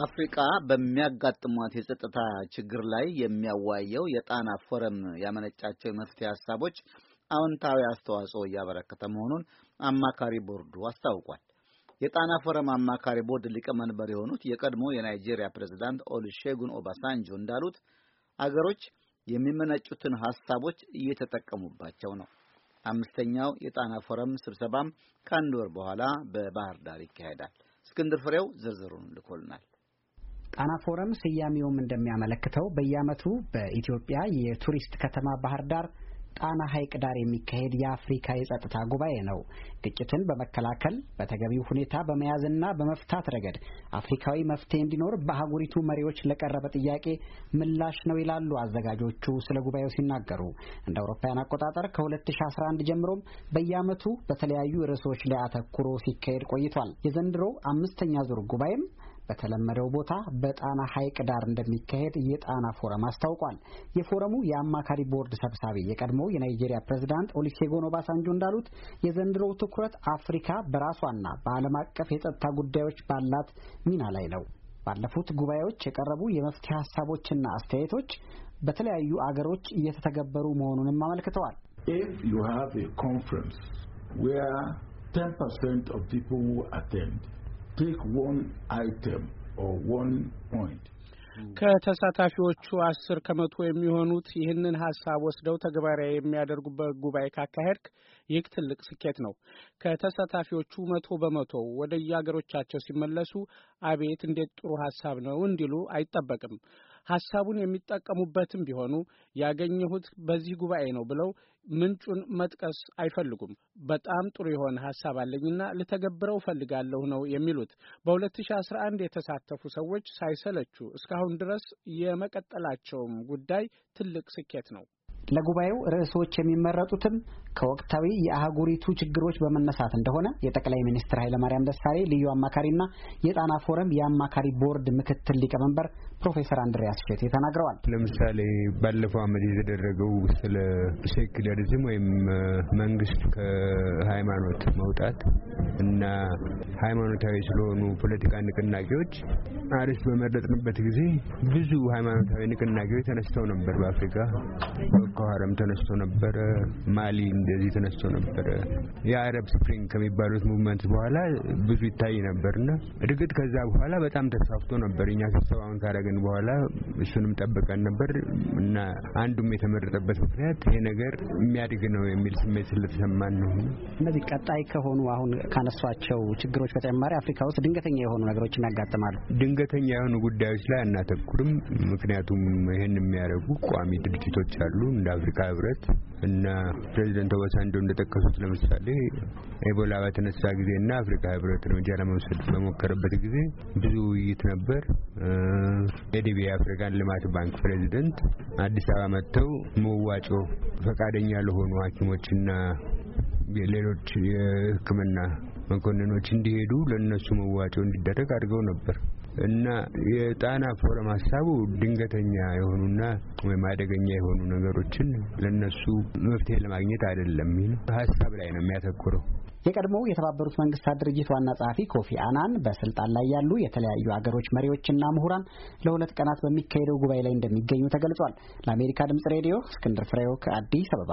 አፍሪቃ በሚያጋጥሟት የጸጥታ ችግር ላይ የሚያዋየው የጣና ፎረም ያመነጫቸው የመፍትሄ ሀሳቦች አዎንታዊ አስተዋጽኦ እያበረከተ መሆኑን አማካሪ ቦርዱ አስታውቋል። የጣና ፎረም አማካሪ ቦርድ ሊቀመንበር የሆኑት የቀድሞ የናይጄሪያ ፕሬዝዳንት ኦልሼጉን ኦባሳንጆ እንዳሉት አገሮች የሚመነጩትን ሀሳቦች እየተጠቀሙባቸው ነው። አምስተኛው የጣና ፎረም ስብሰባም ከአንድ ወር በኋላ በባህር ዳር ይካሄዳል። እስክንድር ፍሬው ዝርዝሩን ልኮልናል። ጣና ፎረም ስያሜውም እንደሚያመለክተው በየዓመቱ በኢትዮጵያ የቱሪስት ከተማ ባህር ዳር ጣና ሐይቅ ዳር የሚካሄድ የአፍሪካ የጸጥታ ጉባኤ ነው። ግጭትን በመከላከል በተገቢው ሁኔታ በመያዝና በመፍታት ረገድ አፍሪካዊ መፍትሄ እንዲኖር በአህጉሪቱ መሪዎች ለቀረበ ጥያቄ ምላሽ ነው ይላሉ አዘጋጆቹ ስለ ጉባኤው ሲናገሩ። እንደ አውሮፓውያን አቆጣጠር ከ2011 ጀምሮም በየዓመቱ በተለያዩ ርዕሶች ላይ አተኩሮ ሲካሄድ ቆይቷል። የዘንድሮው አምስተኛ ዙር ጉባኤም በተለመደው ቦታ በጣና ሐይቅ ዳር እንደሚካሄድ የጣና ፎረም አስታውቋል። የፎረሙ የአማካሪ ቦርድ ሰብሳቢ የቀድሞው የናይጄሪያ ፕሬዝዳንት ኦሊሴጎን ኦባሳንጆ እንዳሉት የዘንድሮው ትኩረት አፍሪካ በራሷና በዓለም አቀፍ የጸጥታ ጉዳዮች ባላት ሚና ላይ ነው። ባለፉት ጉባኤዎች የቀረቡ የመፍትሄ ሀሳቦችና አስተያየቶች በተለያዩ አገሮች እየተተገበሩ መሆኑንም አመልክተዋል። ኢፍ ዩ have a conference where 10% ኦፍ ፒፕል who take one item or one point. ከተሳታፊዎቹ አስር ከመቶ የሚሆኑት ይህንን ሀሳብ ወስደው ተግባራዊ የሚያደርጉበት ጉባኤ ካካሄድክ ይህ ትልቅ ስኬት ነው። ከተሳታፊዎቹ መቶ በመቶ ወደ የአገሮቻቸው ሲመለሱ አቤት እንዴት ጥሩ ሀሳብ ነው እንዲሉ አይጠበቅም። ሐሳቡን የሚጠቀሙበትም ቢሆኑ ያገኘሁት በዚህ ጉባኤ ነው ብለው ምንጩን መጥቀስ አይፈልጉም። በጣም ጥሩ የሆነ ሐሳብ አለኝና ልተገብረው ፈልጋለሁ ነው የሚሉት። በ2011 የተሳተፉ ሰዎች ሳይሰለቹ እስካሁን ድረስ የመቀጠላቸውም ጉዳይ ትልቅ ስኬት ነው። ለጉባኤው ርዕሶች የሚመረጡትም ከወቅታዊ የአህጉሪቱ ችግሮች በመነሳት እንደሆነ የጠቅላይ ሚኒስትር ኃይለማርያም ደሳሌ ልዩ አማካሪና የጣና ፎረም የአማካሪ ቦርድ ምክትል ሊቀመንበር ፕሮፌሰር አንድሪያስ ሼቴ ተናግረዋል። ለምሳሌ ባለፈው ዓመት የተደረገው ስለ ሴኩላሪዝም ወይም መንግስት ከሃይማኖት መውጣት እና ሃይማኖታዊ ስለሆኑ ፖለቲካ ንቅናቄዎች አሪስ በመረጥንበት ጊዜ ብዙ ሃይማኖታዊ ንቅናቄዎች ተነስተው ነበር በአፍሪካ ቦኮ ሀረም ተነስቶ ነበረ። ማሊ እንደዚህ ተነስቶ ነበረ። የአረብ ስፕሪንግ ከሚባሉት ሙቭመንት በኋላ ብዙ ይታይ ነበርና እርግጥ ከዛ በኋላ በጣም ተስፋፍቶ ነበር። እኛ ስብሰባውን ካረግን በኋላ እሱንም ጠብቀን ነበር እና አንዱም የተመረጠበት ምክንያት ይሄ ነገር የሚያድግ ነው የሚል ስሜት ስለተሰማን ነው። እነዚህ ቀጣይ ከሆኑ አሁን ካነሷቸው ችግሮች በተጨማሪ አፍሪካ ውስጥ ድንገተኛ የሆኑ ነገሮች ያጋጥማሉ። ድንገተኛ የሆኑ ጉዳዮች ላይ አናተኩርም። ምክንያቱም ይህን የሚያደርጉ ቋሚ ድርጅቶች አሉ። እንደ አፍሪካ ህብረት እና ፕሬዚደንት ኦባሳንጆ እንደጠቀሱት ለምሳሌ ኤቦላ በተነሳ ጊዜና አፍሪካ ህብረት እርምጃ ለመውሰድ በሞከረበት ጊዜ ብዙ ውይይት ነበር። ኤዲቢ የአፍሪካን ልማት ባንክ ፕሬዚደንት አዲስ አበባ መጥተው መዋጮ ፈቃደኛ ለሆኑ ሐኪሞችና ሌሎች የህክምና መኮንኖች እንዲሄዱ ለእነሱ መዋጮ እንዲደረግ አድርገው ነበር እና የጣና ፎረም ሀሳቡ ድንገተኛ የሆኑና ወይም አደገኛ የሆኑ ነገሮችን ለእነሱ መፍትሄ ለማግኘት አይደለም። ይህ ሀሳብ ላይ ነው የሚያተኩረው። የቀድሞው የተባበሩት መንግስታት ድርጅት ዋና ጸሐፊ ኮፊ አናን በስልጣን ላይ ያሉ የተለያዩ አገሮች መሪዎችና ምሁራን ለሁለት ቀናት በሚካሄደው ጉባኤ ላይ እንደሚገኙ ተገልጿል። ለአሜሪካ ድምጽ ሬዲዮ እስክንድር ፍሬው ከአዲስ አበባ